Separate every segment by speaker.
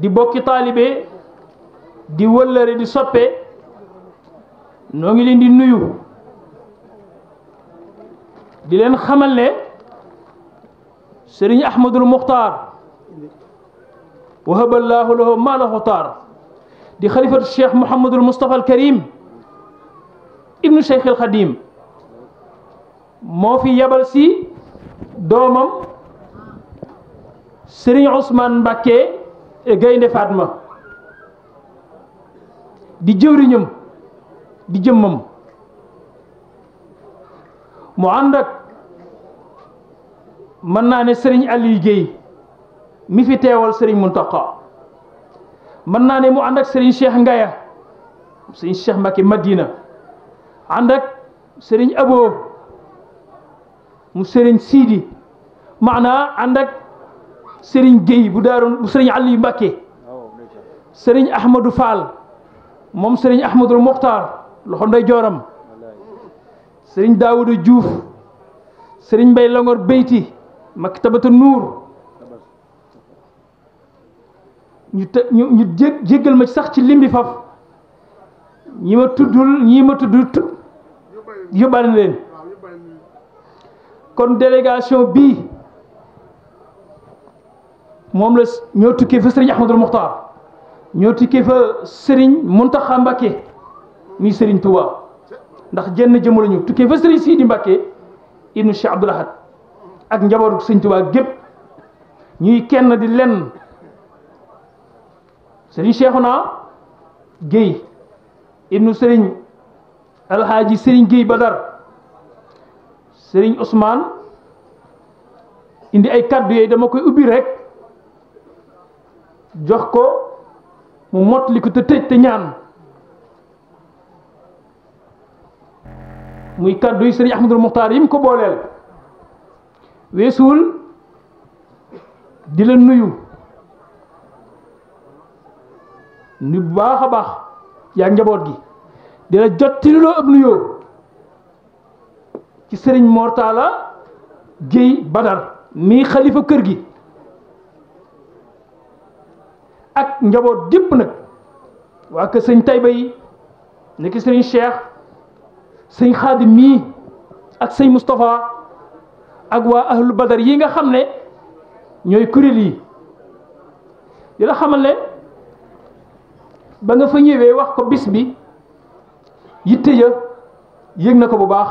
Speaker 1: di bokki taalibe di wëllëre di soppe noo ngi leen di nuyu di leen xamal ne sëriñ ahmadul muxtaar wahaballaahu lahu maa lahu taar di xalifatu cheikh mouhamadul moustapha al karim ibnu cheikh al xadim moo fi yabal si doomam sëriñ ousmane mbàkke E gaynde Fatma di jëwriñam di jëmmam mu ànd ak mën naa ne sëriñ Aliou Guèye mi fi teewal Serigne Mountakha mën naa ne mu ànd sëriñ Serigne Ngaya Serigne Cheikh Mbacké Madina ànd ak Serigne Abo mu sëriñ Sidi maanaa ànd sëriñ Guèye bu daaroon bu sëriñ Aliou Mbacke sëriñ Ahmadou Fall moom sëriñ Ahmadul Mokhtar loxo nday jooram sëriñ Daouda Diouf sëriñ Mbay Langor Beyti Maktabatu Nuur ñu te ñu ñu ma sax ci lim bi faf ñi ma tuddul ñi ma tudd yóbbaale leen kon délégation bii moom la ñoo tukkee fa sëriñ Ahmadul Muxtaar ñoo tukkee fa sëriñ Muntaxa Mbàkke muy sëriñ Tuubaa ndax jenn jëmm ñu tukkee fa sëriñ Sidi Mbàkke ibnu Cheikh Abdoul Ahad ak njabootu sëriñ Tuubaa gépp ñuy kenn di lenn sëriñ naa Guèye ibnu sëriñ Alhaaji sëriñ Guèye Badar sëriñ Ousmane indi ay kàddu yooyu dama koy ubbi rek jox ko mu mottali ko te tëj te ñaan muy kàddu yi sëriñ Ahmadul Muxtaar yi mu ko booleel weesuwul di la nuyu nu baax a baax yaa njaboot gi di la jottali loo ab nuyoo ci sëriñ Mortala Géey Badar mii xalifa kër gi ak njaboot gépp nag waa kër sëñ Tayba yi nekk sëriñ Cheikh sëñ Xaadim mii ak sëñ Moustapha ak waa ahlu badar yi nga xam ne ñooy kuréel yi di xamal ne ba nga fa ñëwee wax ko bis bi yi ya yëg na ko bu baax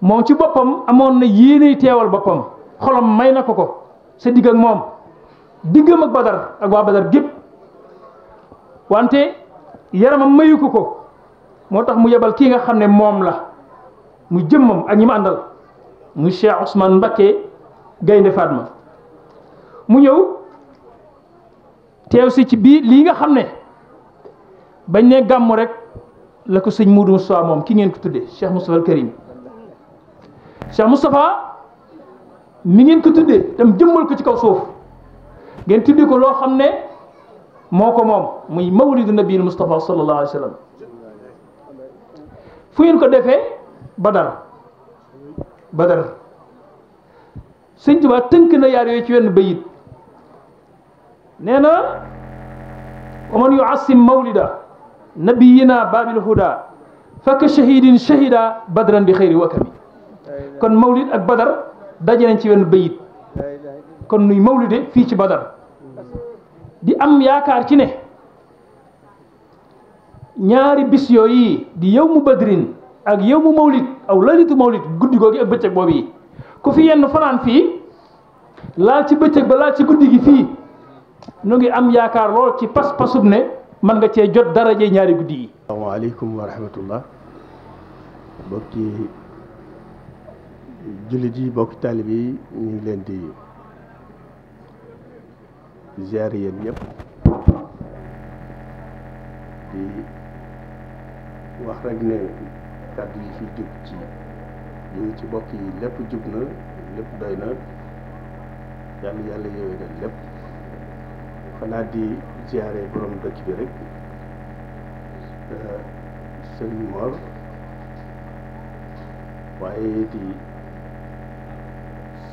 Speaker 1: moom ci boppam amoon na yéenay teewal boppam xolam may na ko ko sa digg ak moom diggam ak badar ak waa badar gépp wante yaramam mayu ko moo tax mu yebal kii nga xam ne moom la mu jëmmam ak ñi ma àndal mu Cheikh Ousmane Mbacké Gaynde Fatma mu ñëw teew si ci bii lii nga xam ne bañ ne gàmmu rek la ko mu Moudou Moustapha moom kii ngeen ko tuddee Cheikh Moustapha al Karim Cheikh Moustapha mi ngeen ko tuddee tam jëmmal ko ci kaw suuf gen tuddi ko loo xam ne moo ko moom muy mawlidu nabil Mustafa sallallahu alayhi wa sallam fu ngeen ko defee Badar Badar sëñ Tuubaa tënk na yaar ci wenn bayit nee na wa man yuassim mawlida nabiyina babil huda fakk shahidin shahida badran bi xëyri wakami kon mawlid ak badar daje nañ ci wenn bayit kon nuy mawlide fii ci badar di am yaakaar ci ne ñaari bis yi di yow mu badrin ak yow mu mawlit aw lalitu mawlit guddi googi ak bëccëg boobu yi ku fi yenn fanaan fii laal ci bëccëg ba laal ci guddi gi fii nu ngi am yaakaar lool ci pas-pasub ne mën nga cee jot dara daraje ñaari guddi yi
Speaker 2: asalaamaaleykum wa rahmatullah bokki jullit yi bokki taalib yi ñu leen di ziare yéen ñëpp di wax rek ne kàddu yi fi jub ci ñu ngi ci bokk yi lépp jub na lépp doy na yàlla yàlla yowee lépp xanaa di ziare borom dëkk bi rek eh, sëñ Mor waaye di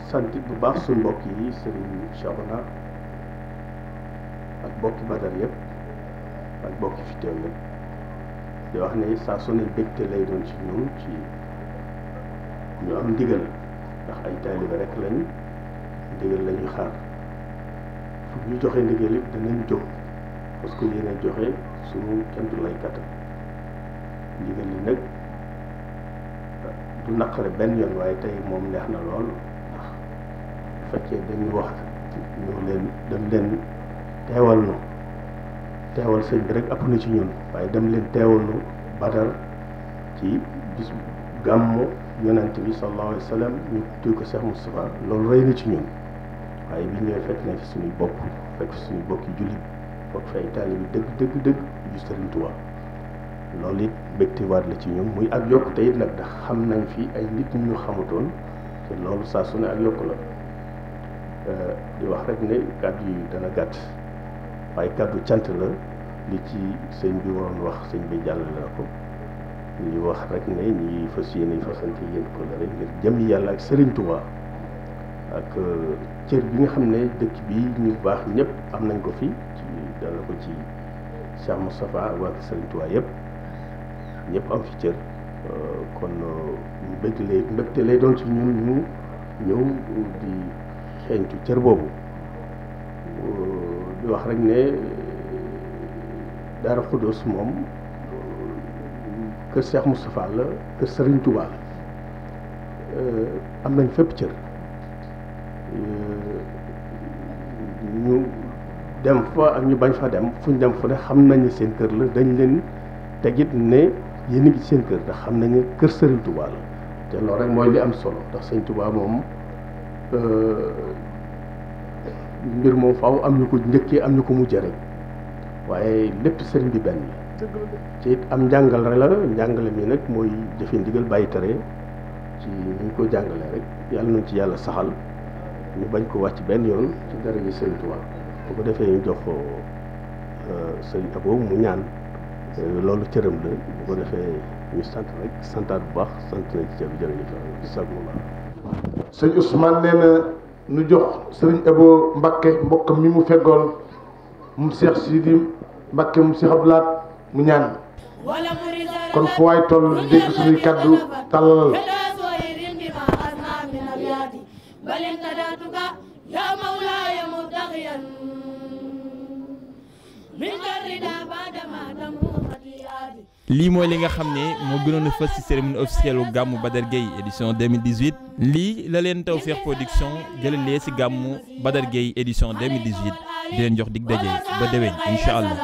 Speaker 2: sant bu baax suñ mbokk yi sëñ Chabana ak bokki badar yëpp ak bokki fi teew wax ne saa su ne bégte lay doon ci ñoom ci ñu am ndigal ndax ay taalibe rek lañ ndigal lañuy xar xaar fu ñu joxe ndigal it danañ jóg parce que yéen joxe su kentu lay kattan ndigal li nag du naqare benn yoon waaye tey moom neex na lool ndax bu fekkee wax ñoo leen dem leen teewal nu teewal sëñ bi rek ëpp na ci ñun waaye dem leen teewal nu badar ci bis gàmmu yonent bi sallallahu alayhi wa sallam ñu tudd ko Cheikh Moustapha loolu rëy na ci ñun waaye bi ñëwee fekk na fi suñuy bopp fekk suñuy bokki jullit foog fay taalibe bi dëgg dëgg dëgg ju Sëriñ Tuubaa loolu it bégtiwaat la ci ñun muy ak yokk te it nag xam nañ fi ay nit ñu xamutoon te loolu saa su ak yokk la euh, di wax rek ne kàddu yi dana gàtt waaye kàddu cant la li ci sëñ bi waroon wax sëñ bi jàllale na ko ñu wax rek ne ñi fas yéene fasante yéen ko la rek ngir jëm yàlla ak sëriñ ak cër bi nga xam ne dëkk bi ñu baax ñëpp am nañ ko fi ci dala ko ci Cheikh Moustapha ak waa sëriñ Tuubaa yëpp ñëpp am fi cër euh, kon mbégte lay mbégte lay doon ci ñun ñu ñëw di xeeñtu cër boobu euh, di wax rek ne Daaru Xuddoos moom kër seex mu Moustapha la kër Serigne Touba la am nañ fépp cër ñu dem fa ak ñu bañ fa dem fu ñu dem fu ne xam nañ seen kër la dañ leen tegit ne yéen a seen kër ndax xam nañu kër Serigne Touba la te loolu rek mooy li am solo ndax Serigne Touba moom. mbir moom faaw am ñu ko njëkkee am ñu ko mujjee rek waaye lépp sëriñ bi benn ci am njàngal la njàngale mi nag mooy jëfe ndigal bàyyi tere ci ñu ko jàngale rek yàlla nañ ci yàlla saxal ñu bañ ko wàcc benn yoon ci dara yi sëriñ Tuubaa bu ko defee ñu jox ko euh, mu ñaan euh, loolu cëram la bu ko defee ñu sant rek santaat bu baax sant nañ ci cër bi jërëjëf sëñ Ousmane nee na nu jox sëriñ Ebo Mbakke mbokkam mi mu feggoon mu Seex Sidi Mbakke mu Seex Abdulaat mu ñaan kon fu waay toll dégg suñuy kàddu tàllal la
Speaker 1: lii mooy li nga xam ne moo gënoon a fës ci cérémonie officielle wu gàmmu Badar Gueye édition 2018 lii la leen Tawfekh Production jëlalee ci gàmmu Badar Gueye édition 2018 di leen jox dig daje ba déwén incha allah.